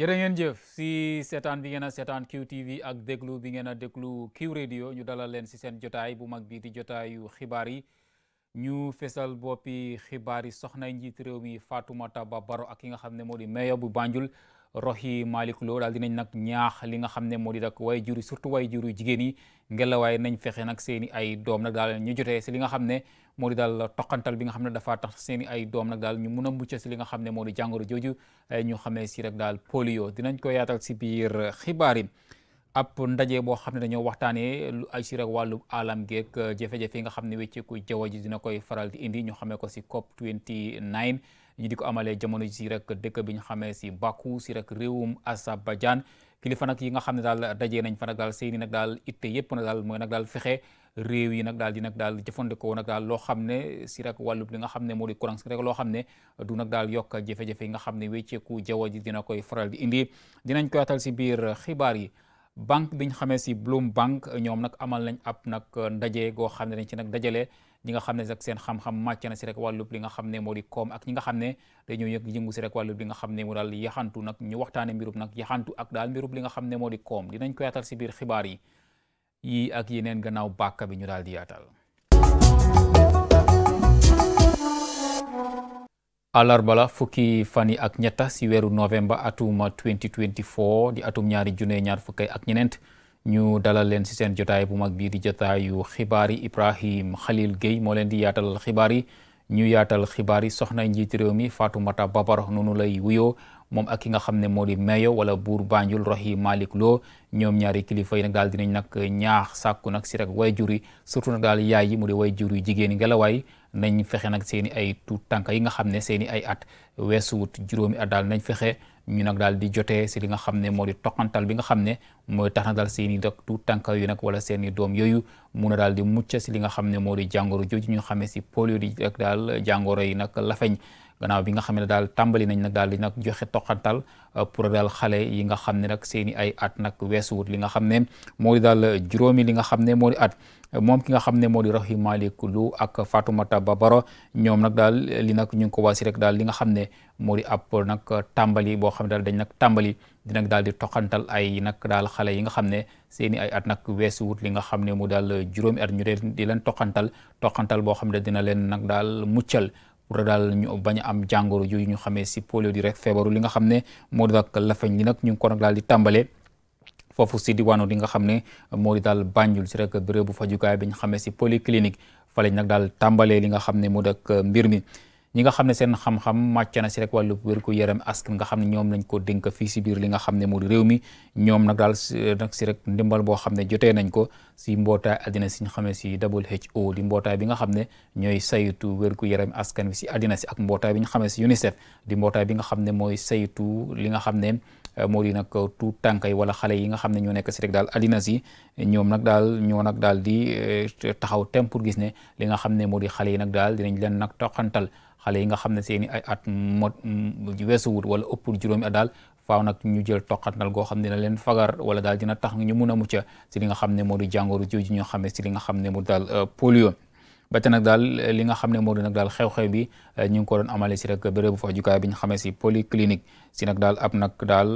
jërë ngeen jëf si seetaan bi ngeen a seetaan QTV ak déglu bi ngeen a déglu Q Radio ñu dalal leen si seen jotaay bu mag bi di jotaayu xibaar yi ñu fesal boppi xibaar yi soxna njiit réew mi Fatoumata Ba Barrow ak nga xam ne moo di meeya bu Banjul roxi Malick Lo daal dinañ nag ñaax li nga xam ne moo di nag way jur yi surtout way jur yu jigéen yi ngelawaay nañ fexe nag seen i ay doom nag daal ñu jotee si li nga xam ne moo di daal toqantal bi nga xam ne dafa tax seen i ay doom nag daal ñu mun a mucc si li nga xam ne moo di jàngoro jooju eh, ñu xame si rek daal polio dinañ ko yaatal si biir xibaar yi ab ndaje boo xam ne dañoo waxtaanee ay si rek wàllu alam geeg eh, jafe-jafe yi nga xam ne wécceeku jaww ji dina koy faral di indi ñu xamee ko si COP 29 ñi di ko amalee jamono ji si rek dëkk bi ñu xamee si Baku si rek réewum Azerbaïdjan kilifa nag yi nga xam ne daal dajee nañ fa nag daal seeni nag daal itte yëpp nag daal mooy nag daal fexe réew yi nag daal di nag daal jëfandikoo nag daal loo xam ne si rek wàllub li nga xam ne moo di courant si rek loo xam ne du nag daal yokk jafe-jafe yi nga xam ne wécceeku jaww ji dina koy faral di indi dinañ ko atal si biir xibaar yi banque bi ñu xamee si Bloom Bank ñoom nag amal nañ ab nag euh, ndaje goo xam ne dañ ci nag dajale ñi nga xam ne nag seen xam-xam màcc na si rek wàllub li nga xam ne moo di koom ak ñi nga xam ne dañoo yëg yëngu si rek wàllub li nga xam ne moo daal yaxantu nag ñu waxtaane mbirub nag yaxantu ak daal mbirub li nga xam ne moo di koom dinañ ko yaatal biir xibaar yi yi ak yeneen gannaaw bàkka bi ñu daal di yaatal alarba la fukki fan yi ak ñetta si weeru novembre atuma 2024 di atum ñaari june ñaar fukki ak ñeneent ñu dalal leen si seen jotaay bu mag bii di jotaayu xibaar yi Ibrahim Khalil Gueye moo leen di yaatal xibaar yi ñu yaatal xibaar yi soxna njiit réew mi Fatoumata Babar nu lay wuyoo moom ak ki nga xam ne moo di meyo wala buur Banjul Rohey Malick Lo ñoom ñaari kilifa yi nag daal dinañ nag ñaax sàkku nag si rek way jur yi surtout nag daal yaay yi mu di way jur yi jigéen ngelawaay nañ fexe nag seen i ay tuut tànk yi nga xam ne seen i ay at weesuwut juróomi at daal nañ fexe ñu nag daal di jotee si li nga xam ne moo di toqantal bi nga xam ne moo tax na daal seen i dëkk tu tànka yu nag wala seeni doom yooyu mun a daal di mucc si li nga xam ne moo di jàngoro jooju ñu xamee si polio di rek daal jàngoro yi nag lafeñ gannaaw bi nga xam ne daal tàmbali nañ nag daal di nag joxe toqantal pour daal xale yi nga xam ne rek seen ay at nag weesuwut li nga xam ne moo daal juróomi li nga xam ne moo di at moom ki nga xam ne moo di Rohey Malick Lowe ak Fatoumata Babaro ñoom nag daal li nag ñu ngi ko waasi rek daal li nga xam ne moo di ab nag tàmbali boo xam ne daal dañ nag tàmbali di daal di toqantal ay nag daal xale yi nga xam ne seeni ay at nag weesuwut li nga xam ne mu daal juróomi at ñu dee di leen toqantal toqantal boo xam ne dina leen nag daal muccal pour daal ñu bañ am jàngoro yu ñu xamee si polio di rek feebaru li nga xam ne moo di ak lafañ li nag ñu ngi ko nag daal di tàmbalee foofu si diwaanu li nga xam ne moo di daal Banjul si rek bérébu fajukaay bi ñu xamee si polyclinique fa lañ nag daal tàmbalee li nga xam ne moo di ak mbir mi ñi nga xam ne seen xam-xam màcc na si rek wàllu wérgu yaram askan nga xam ne ñoom lañ ko dénk fii si biir li nga xam ne moo di réew mi ñoom nag daal nag si rek ndimbal boo xam ne jotee nañ ko si mbootaay àddina si ñu xamee si WHO di mbootaay bi nga xam ne ñooy saytu wérgu yaram askan bi si àddina si ak mbootaay bi ñu xamee si UNICEF di mbootaay bi nga xam ne mooy saytu li nga xam ne moo di nag tuut tànk yi wala xale yi nga xam ne ñoo nekk si rek daal àddina si ñoom nag daal ñoo nag daal di taxaw tem pour gis ne li nga xam ne moo di xale yi nag daal dinañ leen nag toqantal xale yi nga xam ne seeni ay at mot mm, weesuwut wala ëppul juróomi at daal faaw nag ñu jël toqantal goo xam ne dina leen fagar wala daal dina tax ñu mun a mucc si li nga xam ne moo di jàngoro jooju ñoo xam si li nga xam ne moo daal euh, polio ba tey daal li nga xam ne moo di nag daal xew-xew bi eh, ñu ngi ko doon amale si rek bérébu fajukaay bi ñu xamee si polyclinique si nag daal ab nag daal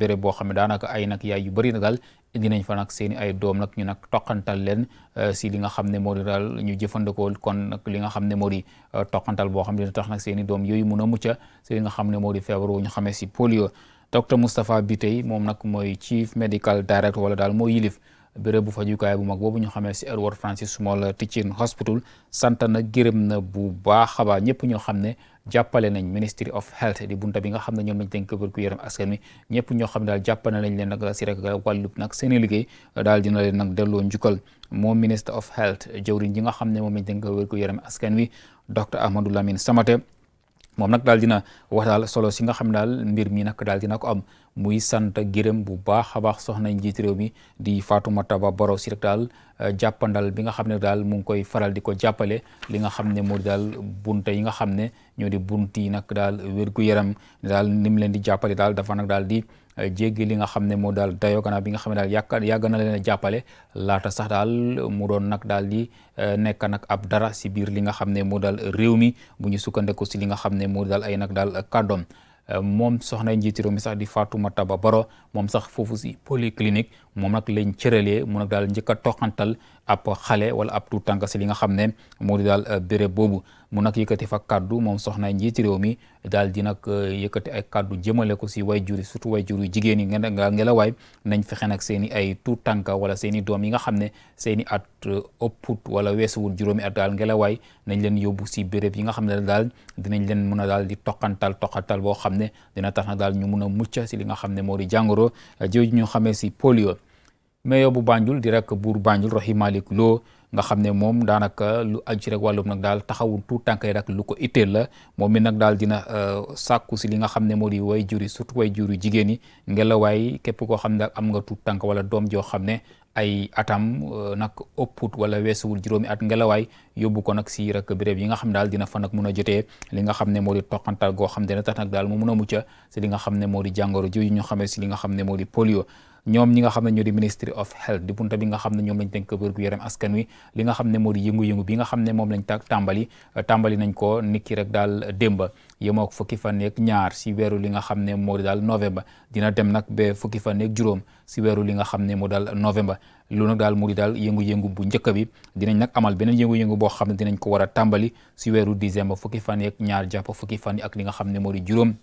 béréb boo xam ne daanaka ay nag yaay yu bëri nag daal indi nañ fa nag seen ay doom nag ñu nag toqantal leen si eh, li nga xam ne moo di daal ñu jëfandikoo kon nag li nga xam ne moo di eh, toqantal boo xam ne dina tax nag seen i doom yooyu mun a mucca si li nga xam ne moo di feebar wu ñu xamee si polio docteur Moustapha Bitey moom nag mooy chief medical director wala daal moo yilif béréb bu fajukaay bu mag boobu ñu xamee si Edward Francis Small Teaching Hospital sant na gërëm na bu baax a baax ñëpp ñoo xam ne jàppale nañ Ministry of Health di bunta bi nga xam ne ñoom lañ dénk wér gu yaram askan ñëpp ñoo xam ne daal jàppale nañ leen nag si rek wàllub nag seen i liggéey daal dina leen nag delloo njukkal moom Minister of Health nga xam ne moom lañ dénk wér gu yaram askan wi docteur Ahmadou Lamine Samate moom nag daal dina wax daal solo si nga xam daal mbir mi nag daal dina ko am muy sant gërëm bu baax a baax soxna njiit réew mi di Fatoumata Ba Barrow si rek daal eh, jàppandal bi nga xam ne daal mu ngi koy faral di ko jàppale li nga xam ne moo di daal bunte yi nga xam ne ñoo di bunti nag daal wér gu yaram daal ni mu leen di jàppale daal dafa nag daal di. Euh, jéggi li nga xam ne moo daal dayoo gannaaw bi nga xam ne daal yàgg yàgg na leen a jàppale laata sax daal mu doon nag daal di euh, nekk nag ab dara si biir li nga xam ne moo daal réew mi bu ñu sukkandiku si li nga xam ne moo daal ay nag daal kàddoom euh, moom soxna njiitu réew mi sax di Fatoumata Ba Baro moom sax foofu si polyclinique moom nag lañ cëralee mu nag daal njëkk a toqantal ab xale wala ab tuutànk si li nga xam ne moo di daal béréb boobu mu nag yëkkati fa kàddu moom soxna njiiti réew mi daal di nag euh, yëkkati ay kàddu jëmale ko si way juri surtout way juri jigéen yi nga ngelawaay nañ fexe nag seen i ay tuut tànka wala seeni doom yi nga xam ne seeni at euh, ëpput wala weesuwul juróomi at daal ngelawaay nañ leen yóbbu si béréb yi nga xam ne daal dinañ leen mën a daal di toqantal toqantal boo xam ne dina tax na daal ñu mun a mucc si li nga xam ne moo di jàngoro jooju ñu xamee si polio. meyo bu Banjul di rek buur Banjul Rohey Malick Lowe nga xam ne moom daanaka lu aju ci rek wàllum nag daal taxawu tout tànk rek lu ko itteel la moom mi nag daal dina euh, sàkku si li nga xam ne moo di way juri surtout way juri jigéen yi ngelawaay képp koo xam ne am nga tout tànk wala doom joo xam ne ay atam euh, nag ëpput wala weesuwul juróomi at ngelawaay yóbbu ko nag si rek béréb yi nga xam daal dina fa nag mun a jotee li nga xam ne moo di toqantal goo xam ne tax nag daal mu mun a mucca si li nga xam ne moo di jàngoro ji ñu xamee si li nga xam ne moo di polio ñoom ñi nga xam ne ñoo di ministry of health di nga xam ne ñoom lañ tënk wérgu yaram askan wi li nga xam ne moo di yëngu-yëngu bi nga xam ne moom lañ tak tàmbali euh, tàmbali nañ ko niki rek daal démba yemoo ak fukki fan ak ñaar si weeru li nga xam ne moo di daal novembre dina dem nag ba fukki fan ak juróom si weeru li nga xam ne moo daal novembre loolu nag daal daal yëngu-yëngu bu njëkk bi dinañ nag amal beneen yëngu-yëngu boo xam ne dinañ ko war tàmbali si weeru décembre fukki fan ak ñaar jàpp fukki fan ak li nga xam ne moo di juróom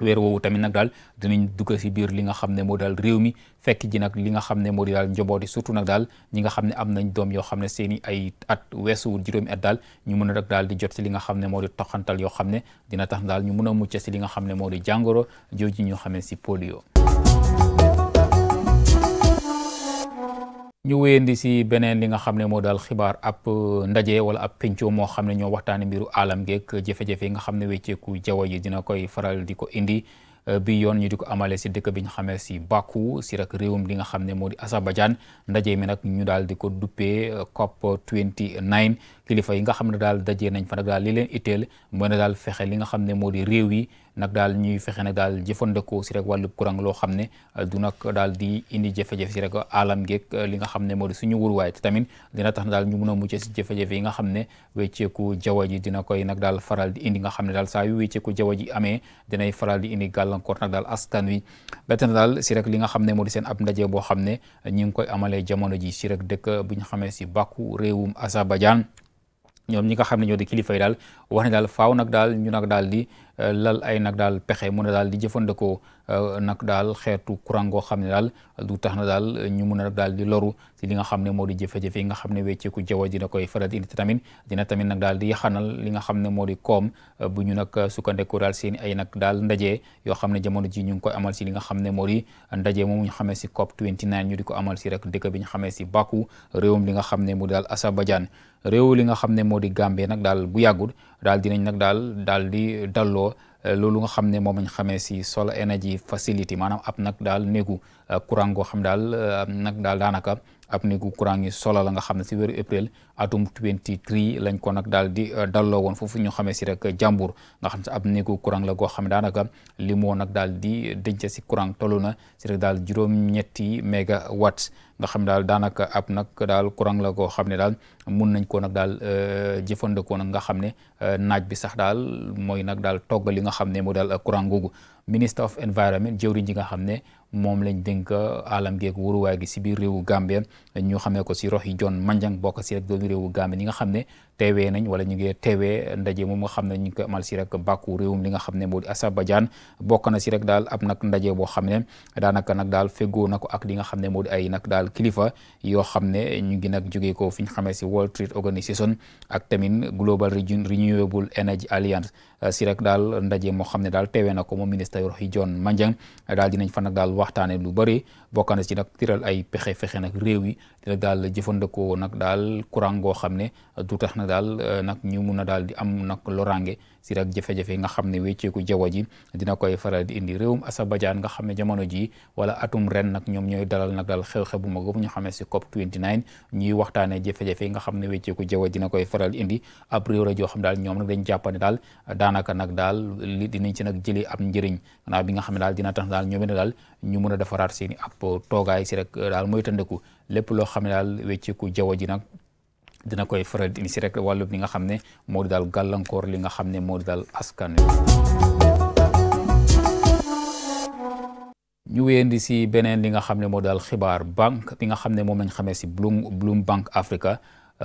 weer woowu tamit nag daal dinañ dugg si biir li nga xam ne moo daal réew mi fekk ji nag li nga xam ne moo di daal njabooti surtout nag daal ñi nga xam ne am nañ doom yoo xam ne seen i ay at weesuwul juróomi at daal ñu mën a rek daal di jot si li nga xam ne moo di toxantal yoo xam ne dina tax daal ñu mën a mucc si li nga xam ne moo di jàngoro jooju ñoo xam ne si polio ñu wéyandi si beneen li nga xam ne moo daal xibaar ab euh, ndaje wala ab penco moo xam ne ñoo waxtaane mbiru alam geek jafe yi nga xam ne wecceeku jaww ji dina koy faral di ko indi euh, bi yoon ñu di ko amale si dëkk bi ñu xamee si Baku si rek réewum li nga xam ne moo di Azerbaïdjan ndaje mi nag ñu daal di ko duppee euh, COP 29 kilifa yi nga xam ne daal daje nañ fa nag daal li leen itteel mooy ne daal fexe li nga xam ne moo di réew yi nag daal ñuy fexe nag daal jëfandikoo si rek wàllu courant loo xam ne euh, du nag daal di indi jafe-jafe si rek alam geeg euh, li nga xam ne moo di suñu wurwaay te tamit dina tax na daal ñu mun a mucc si jafe yi nga xam ne wecceeku jaww ji dina koy nag daal faral di indi nga xam ne daal saa yu wecceeku jaww ji amee dinay faral di indi gàllankoor nag daal askan wi ba tey daal si rek li nga xam ne moo di seen ab ndaje boo xam ne ñi ngi koy amalee jamono ji si rek dëkk bu xamee si Baku réewum Azerbaïdjan ñoom ñi nga xam ne ñoo di kilifa daal wax nag daal ñu nag daal di lal ay nag daal pexe mun na daal di jëfandikoo euh, nag daal xeetu courant goo xam ne daal du tax na daal ñu mun a nag daal di loru si li nga xam ne moo di jafe yi nga xam ne wecceeku jaww ji da koy faral di indi tamit dina tamit nag daal di yaxanal li nga xam ne moo di koom euh, bu ñu nag sukkandekoo daal seen ay nag daal ndaje yoo xam ne jamono ji ñu ngi koy amal si li nga xam ne moo di ndaje moom ñu xamee si COP 29 ñu di ko amal si rek dëkk bi ñu xamee si Baku réewum li nga xam ne moo di daal Azerbaïdjan réew li nga xam ne moo di Gambie nag daal bu yàggul daal dinañ nag daal daal di dalloo eh, loolu nga xam ne moom lañ xamee si solar energy facility maanaam ab nag daal néegu eh, courant goo xam daal eh, nag daal daanaka ab néegu courant yi solo la nga xam ne si weeru avril atum 23 lañ ko nag daal di euh, dalloo woon foofu ñu xamee si rek jàmbur nga xam si ab néegu courant la goo xam ne daanaka li moo nag daal di denc si courant tollu na si daal juróom-ñetti mégawatt nga daal daanaka ab nag daal courant la goo xam ne daal mun nañ koo nag daal euh, jëfandikoo nag nga xam ne euh, naaj bi sax daal mooy nag daal togg li nga xam ne moo daal courant googu minister of environment jëwriñ ji nga xam ne moom lañ dénk alam geek gi si biir réewu Gambie ñu xamee ko si rox yi John Manjang bokk si rek doomi réewu Gambie ñi nga xam ne teewee nañ wala ñu ngi ndaje moom xam ne ñu ngi koy amal si rek xam ne moo di Azerbaïdjan bokk na si rek daal ab nag ndaje boo xam ne nag daal fegoo na ko ak li nga xam ne moo di ay nag daal kilifa yoo xam ne ñu ngi nag jógee ko fi ñu xamee si World Trade Organization ak tamit Global Renewable Energy Alliance si rek daal ndaje moo xam ne daal teewee na ko moom ministre Rohey John Manjang daal dinañ fa nag daal waxtaane lu bëri bokk na si nag tiral ay pexe fexe nag réew yi daal jëfandikoo nag daal courant xam ne du tax nag daal euh, nag ñu mun a daal di am nag lorange si rek jafe-jafe nga xam ne wecceeku jaww ji dina koy faral di indi réewum Azerbaïdjan nga xam ne ji wala atum ren nag ñoom ñooy dalal nag daal xew-xew bu mag boobu ñu xamee si COP 29 ñuy waxtaanee jafe-jafe nga xam ne wecceeku jaww dina koy faral indi ab réew la joo xam daal ñoom nag dañ jàpp ne daal daanaka nag daal li dinañ si nag jëlee ab njëriñ xanaa bi nga xam ne daal dina tax daal ñoom ne a defaraat seen i ab toogaay si rek daal mooy tëndeku lépp loo xam ne daal wecceeku jaww ji nag dina koy faral di si rek wàllub li nga xam ne moo di daal gàllankoor li nga xam ne moo di daal askan ñu wéyandi si beneen li nga xam ne moo daal xibaar banque bi nga xam ne moom lañ xamee si Bloom Bloom Bank Africa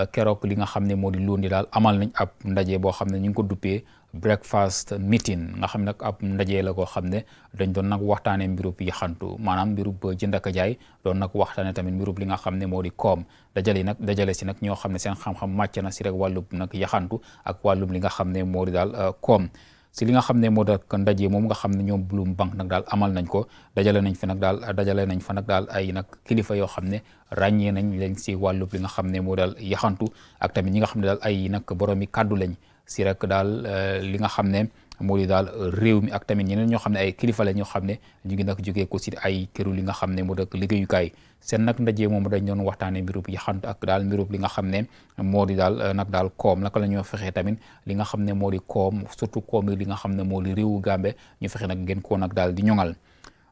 keroog li nga xam ne moo di lundi daal amal nañ ab ndaje boo xam ne ñu ngi ko duppee breakfast meeting nga xam ne nag ab ndaje la koo xam ne dañ doon nag waxtaanee mbirub yaxantu maanaam mbirub jënd ak jaay doon nag waxtaanee tamit mbirub li nga xam ne moo di koom dajale nag dajale si nag ñoo xam ne seen xam-xam màcc na si rek wàllub nag yaxantu ak wàllum li nga xam ne moo di daal euh, koom si li nga xam ne moo da ndaje moom nga xam ne ñoom Bloom Bank nag daal amal nañ ko dajale nañ fa nag daal dajale nañ fa nag daal ay nag kilifa yoo xam ne ràññee nañ leen si wàllub li nga xam ne moo daal yaxantu ak tamit ñi nga xam ne daal ay nag boroomi kàddu lañ si rek daal euh, li nga xam ne moo di daal réew mi ak tamit ñeneen ñoo xam ne ay kilifa la ñoo xam ne ñu ngi nag jógee ko si ay këru li nga xam ne moo dëkk liggéeyukaay seen nag moom dañ doon waxtaanee mbirub yaxantu ak daal mbirub li nga xam ne moo di daal euh, nag daal koom naka la ñoo fexee tamit li nga xam ne moo di koom surtout koom yi li nga xam ne moo di réewu Gàmbi ñu fexe nag ngeen koo nag daal di ñoŋal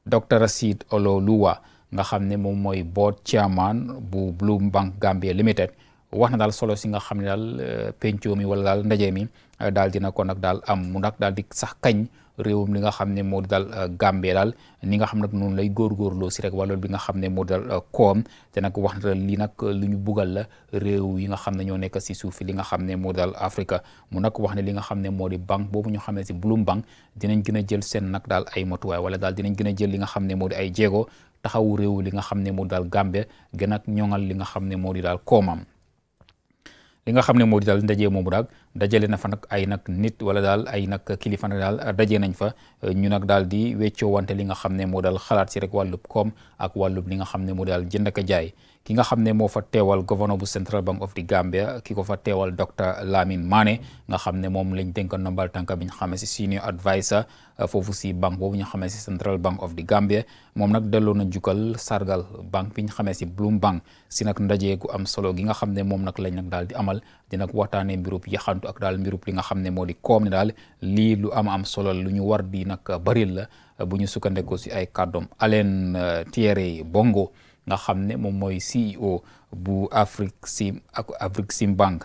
docteur Sid Ololuwa nga xam ne moom mooy board chairman bu Bloombank Gambia Limited wax na daal solo si nga xam ne daal penco mi wala daal ndaje mi daal dina ko nag daal am mu nag daal di sax kañ réewum li nga xam ne moo di daal Gambie daal ni nga xam nag noonu lay góorgóorloo si rek wàllu bi nga xam ne moo daal koom te nag wax na li nag lu ñu bugal la réew yi nga xam ne ñoo nekk si suuf li nga xam ne moo daal Afrique mu nag wax ne li nga xam ne moo di banque boobu ñu xam si Bloom Bank dinañ gën a jël seen nag wala daal dinañ gën a jël li nga xam ne moo di ay jéego taxawu réew li nga xam ne moo daal Gambie gën a ñoŋal li nga xam ne moo di daal koomam li nga xam ne moo di daal ndaje moomu daal dajale na fa nag ay nag nit wala daal ay nag kilifa nag daal daje nañ fa ñu nag daal di weccoowante li nga xam ne moo daal xalaat si rek wàllub koom ak wàllub li nga xam ne moo daal jënd ak jaay ki nga xam ne moo fa teewal gouverneur bu Central Bank of the Gambia ki ko fa teewal docteur Lamine Mane nga xam ne moom lañ dénk nombal tànka bi ñu xamee si senior adviser uh, foofu si banque boobu ñu xamee si Central Bank of the Gambia moom nag delloo na jukkal sargal banque bi ñu xamee si Bloom Bank si nag ndaje gu am solo gi nga xam ne moom nag lañ nag daal di amal di nag waxtaanee mbirub yaxantu ak daal mbirub li nga xam ne moo di koom ne daal lii lu am am solo lu ñu war di nag baril la uh, bu ñu sukkandekoo si ay kàddoom Alain uh, Thierry Bongo. nga xam ne moom mooy CEO bu Afrique Sim ak Afrique Sim Bank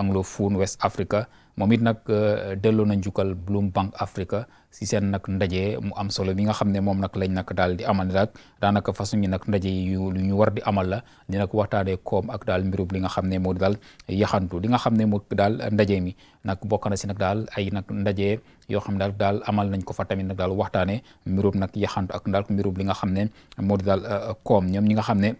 anglophone West Africa moom it nag euh, delloo na njukkal Bloom Bank Africa si seen nag ndaje mu am solo mi nga xam ne moom nag lañ nag daal di amal nag daanaka façon yi nag ndaje yu ñu war di amal la di nag waxtaanee koom ak daal mbirub li nga xam ne moo daal yaxantu li nga xam ne moo daal ndaje mi nag bokk na si nag ay nag ndaje yoo xam ne daal daal amal nañ ko fa tamit nag waxtaanee mbirub nag yaxantu ak daal mbirub li nga xam ne moo di daal euh, koom ñoom ñi nga xam ne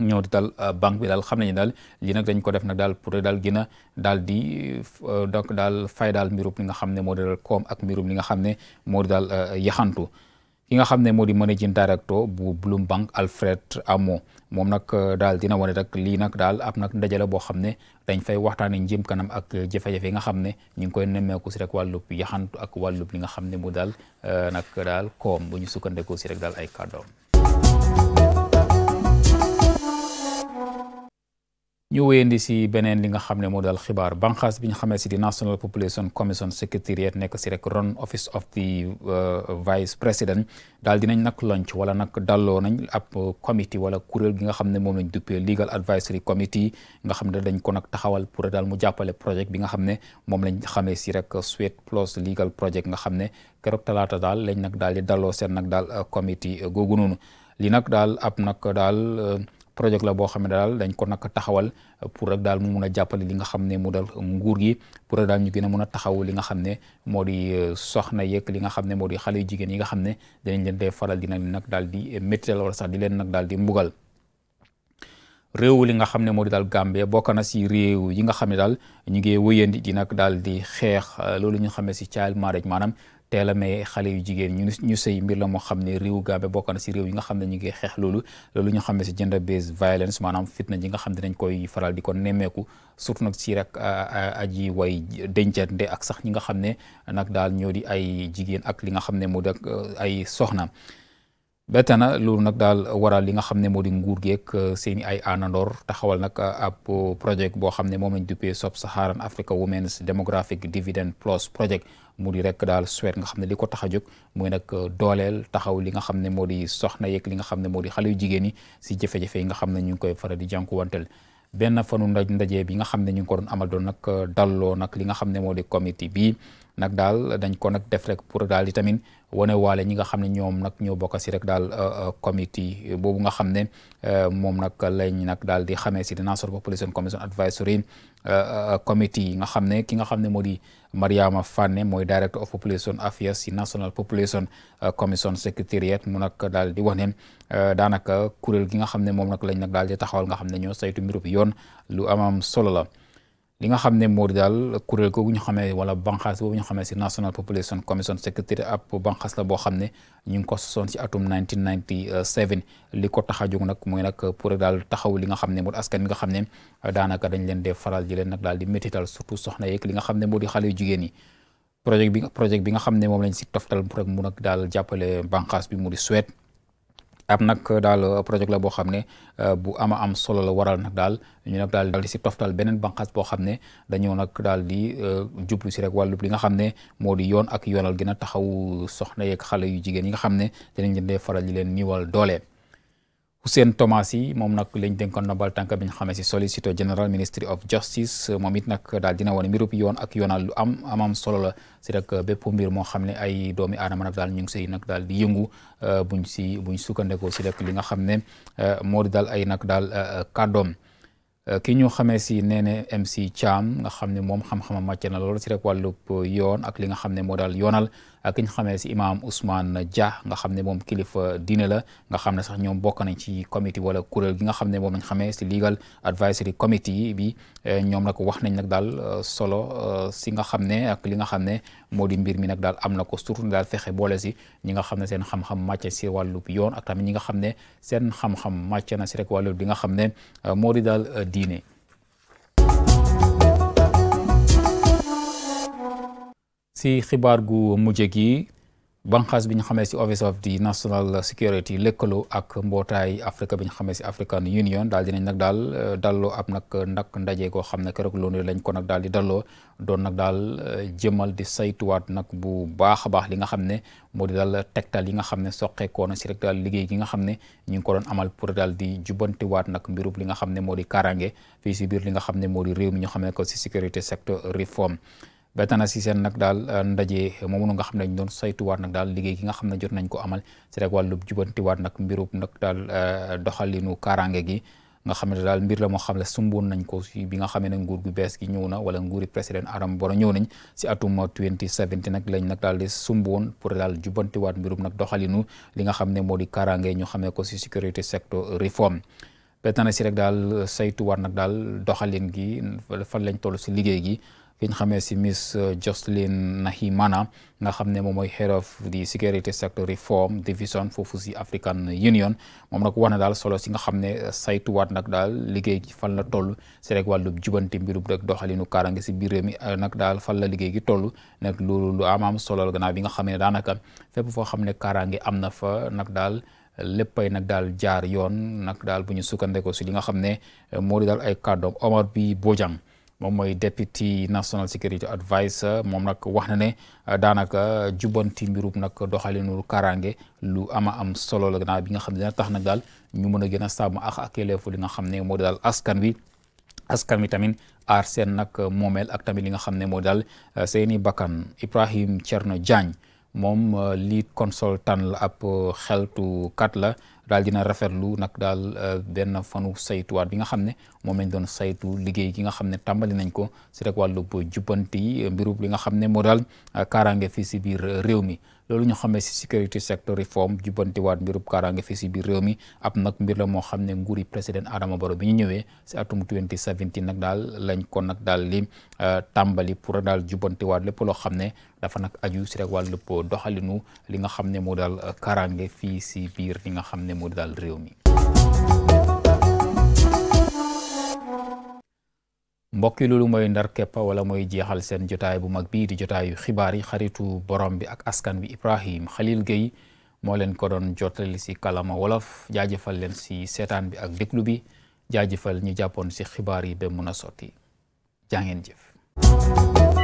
ñëw di daal euh, banque bi daal xam nañu daal lii nag ko def nag daal pour daal gën daal di euh, donc daal fay daal mbirum li nga xam ne moo di daal koom ak mbirum li nga xam ne moo daal euh, yaxantu ki nga xam ne moo di managing director bu Bloomberg Alfred Amo moom nag daal dina wane rek lii nag daal ab nag ndaje la boo xam ne dañ fay waxtaanee njëm kanam ak jafe-jafe yi nga xam ne ñu ngi koy nemmeeku si rek wàllub yaxantu ak wàllub li nga xam ne mu daal nag daal koom bu ñu sukkandekoo si rek daal ay kàddoom ñu wéyandi si beneen li nga xam ne moo daal xibaar banqaas bi ñu xamee si di National Population Commission Secretariat nekk si rek ron office of the uh, vice president daal di nañ nag lonc wala nag dalloo nañ ap comité wala kuréel gi nga xam ne moom lañ duppee legal advisory committee nga xam ne dañ ko nag taxawal pour daal mu jàppale projet bi nga xam ne moom lañ xamee si rek Sweet Plus legal project nga xam ne keroog talaata daal lañ nag daal di dalloo seen nag daal uh, comité uh, googu noonu li nag daal ab nag daal projet la boo xam daal dañ kon nag taxawal pour rek daal mu mun a jàppale li nga xam ne mu dal nguur gi pour rek daal ñu gën a mun a taxaw li nga xam ne moo di euh, soxna yeeg li nga xam ne moo di xale yu jigéen yi nga xam ne dinañ leen dee faral di nag daal di méttital wala sax di leen nag daal di mbugal réew li nga xam ne moo di daal Gambie bokk na si réew yi nga xam ne daal ñu ngi wëyandi di nag daal di xeex euh, loolu ñu ne si child marriage maanaam teel a xale yu jigéen ñu ñu sëy mbir la moo xam ne réew Gambie bokk na si réew yi nga xam ne ñu ngi xeex loolu loolu ñu xamee si gender based violence maanaam fitna ji nga xam ne dañ koy faral di ko nemmeeku surtout nag si rek aji way dencante ak sax ñi nga xam ne nag daal ñoo di ay jigéen ak li nga xam ne moo di euh, ay soxna bette na loolu nag daal wara li nga xam ne moo di nguur geeg euh, seen ay àndandoor taxawal nag euh, ab euh, projet boo xam ne moom lañ duppee Sub Saharan Africa Women's Demographic Dividend Plus Project mu di rek daal Suède nga xam ne li ko tax a jóg mooy nag dooleel taxaw li nga xam ne moo di soxna yeeg li nga xam ne moo di xale yu jigéen ñi si jafe-jafe yi nga xam ne ñu ngi koy faral di jànkuwanteel. benn fanu ndaj ndaje bi nga xam ne ñu ngi ko doon amal doon nag euh, dalloo nag li nga xam ne moo di comité bi nag daal dañ ko nag def rek pour daal di tamit wane waale ñi nga xam ne ñoom nag ñoo bokk si rek daal euh, euh, comité boobu nga xam ne moom nag lañ nag daal di xamee si di National Population Commission Advisory Committee yi nga xam ne ki nga xam ne moo di Mariama Fane mooy director of population affairs si national population euh, commission secretariat mu nag daal di wax ne euh, daanaka kuréel gi nga xam ne moom nag lañ nag daal di taxawal nga xam ne ñoo saytu mbiru yoon lu amam solo la. li nga xam ne moo di daal kuréel googu ñu xamee wala banqaas boobu ñu xamee si National Population Commission Secretariat ab la boo xam ne ñu ngi ko sosoon si atum 1997 li ko tax jóg nag mooy nag pour daal taxaw li nga xam ne moo di askan mi nga xam ne daanaka dañ leen dee faral di leen nag daal di métital surtout soxna yeeg li nga xam ne moo di xale yu jigéen yi bi projet bi nga xam ne moom lañ si toftal pour rek mu daal jàppale banqaas bi mu di Suède am nag daal euh, projet la boo xam ne euh, bu ama am solo la waral nag daal ñu nag daal di si toftal beneen banqaas boo xam ne dañoo nag daal di euh, jublu si rek wàllub li nga xam ne moo di yoon ak yoonal gën a taxaw soxna yeeg xale yu jigéen yi nga xam ne dinañ leen dee faral di leen niwal doole. Hussein Tomasi moom nag lañ dénkoon nobal tànk bi ñu xamee si Solicitor General Ministry of Justice moom it nag daal dina woon mbirub yoon ak yoonal lu am amam solo la si rek bépp mbir moo xam ne ay doomi aadama nag daal ñu ngi siy nag daal di yëngu euh, buñ si buñ sukkandekoo si rek li nga xam ne euh, moo di daal ay nag daal euh, kàddoom ki ñu xamee si Néné MC Thiam nga xam ne moom xam-xamam màcc na lool si rek wàllub yoon ak li nga xam ne moo daal yonal ki ñu xamee si imaam Ousmane Dia nga xam ne moom kilifa diine la nga xam ne sax ñoom bokk nañ ci comité wala kuréel gi nga xam ne moom lañ xamee si legal advisory committee bi eh, ñoom nag wax nañ nag daal eh, solo eh, si nga xam ne ak li nga xam ne moo di mbir mi nag daal am na ko surtout daal fexe boole si ñi nga xam ne seen xam-xam màcc si wàllu yoon ak tamit ñi nga xam ne seen xam-xam na si rek wàllu li nga xam ne moo di daal diine si xibaar gu mujj gi banqaas bi ñu xamee si Office of the National Security lëkkaloo ak mbootaay Afrique bi ñu xamee si African Union daal dinañ nag daal euh, dalo ab nag ndak ndaje goo xam ne keroog loolu lañ ko nag daal di dalloo doon nag daal euh, jëmal di saytuwaat nag bu baax a baax li nga xam ne moo di daal tegtal yi nga xam ne soqeekoo na si rek daal liggéey gi nga xam ne ñu ngi ko doon amal pour daal di jubantiwaat nag mbirub li nga xam ne moo di kaaraange fii si biir li nga xam ne moo di réew mi ñu xamee si sécurité secteur réforme bett si seen nag daal euh, ndaje moom moomu nga xam ne dañ doon saytuwaat nag daal liggéey gi nga xam ne jot nañ ko amal si rek wàllub jubantiwaat nag mbirub nag daal euh, doxalinu kaaraange gi nga xam ne daal mbir la moo xam ne sumboon nañ ko si bi nga xam ne nguur gu bees gi ñëw na wala nguuri président Adama Barrow ñëw nañ si atum 2017 nag lañ nag daal di sumboon pour daal jubantiwaat mbirub nag doxalinu li nga xam ne moo di kaaraange ñu xamee ko si sécurité sector reform bett na si rek daal saytu euh, saytuwaat nag daal doxalin gi fan lañ toll si liggéey gi ki ñu xamee si Miss euh, Jocelyn Nahimana nga xam ne moom mooy head of the security sector reform division foofu si African Union moom nag wax daal solo si nga xam ne euh, saytuwaat nag daal liggéey gi fan la toll si rek wàllub jubanti mbirub rek doxalinu kaaraange si biir réew mi euh, nag daal fan la liggéey gi toll nag loolu lu am am solo la gannaaw bi nga xam ne daanaka fépp foo xam ne kaaraange am na fa nag daal. léppay nag daal jaar yoon nag daal bu ñu sukkandekoo si li nga xam ne moo di daal ay kàddoom Omar bi Bojang moom mooy deputy national security adviser moom nag wax na ne euh, daanaka jubanti mbirub nag doxalinu karange lu ama am solo la bi nga xam ne dina tax nag daal ñu mën a gën a sàmm ak ak yelleefu li nga xam ne moo di daal askan wi askan wi tamit aar seen nag moomeel ak tamit li nga xam ne moo daal euh, seeni bakkan Ibrahim Cerno Jaañ moom euh, lead consultant la ab euh, kat la daal dina rafetlu nag daal euh, benn fanu saytuwaat bi nga xam ne moom lañ doon saytu liggéey ki nga xam ne tàmbali nañ ko si rek wàllub jubbanti mbiru li nga xam ne moo daal kaaraange fii si biir réew mi loolu ñu xamee si sécurité secteur réforme jubbantiwaat mbirub kaaraange fi si biir réew mi ab nag mbir la moo xam ne nguuri président Adama Barrow bi ñu ñëwee si atum 2017 nag daal lañ kon nag daal li euh, tàmbali pour daal jubbantiwaat lépp loo xam ne dafa nag aju si rek wàllu doxalinu li nga xam ne moo daal kaaraange fii si biir li nga xam ne moo daal réew mi mbokki loolu mooy ndar képp wala mooy jeexal seen jotaay bu mag bii di jotaayu xibaar yi xaritu borom bi ak askan bi Ibrahim Khalil Gueye moo leen ko doon jottali si kalama wolof jaajëfal leen si seetaan bi ak déglu bi jaajëfal ñu jàppoon si xibaar yi ba mun a sotti jaa ngeen jëf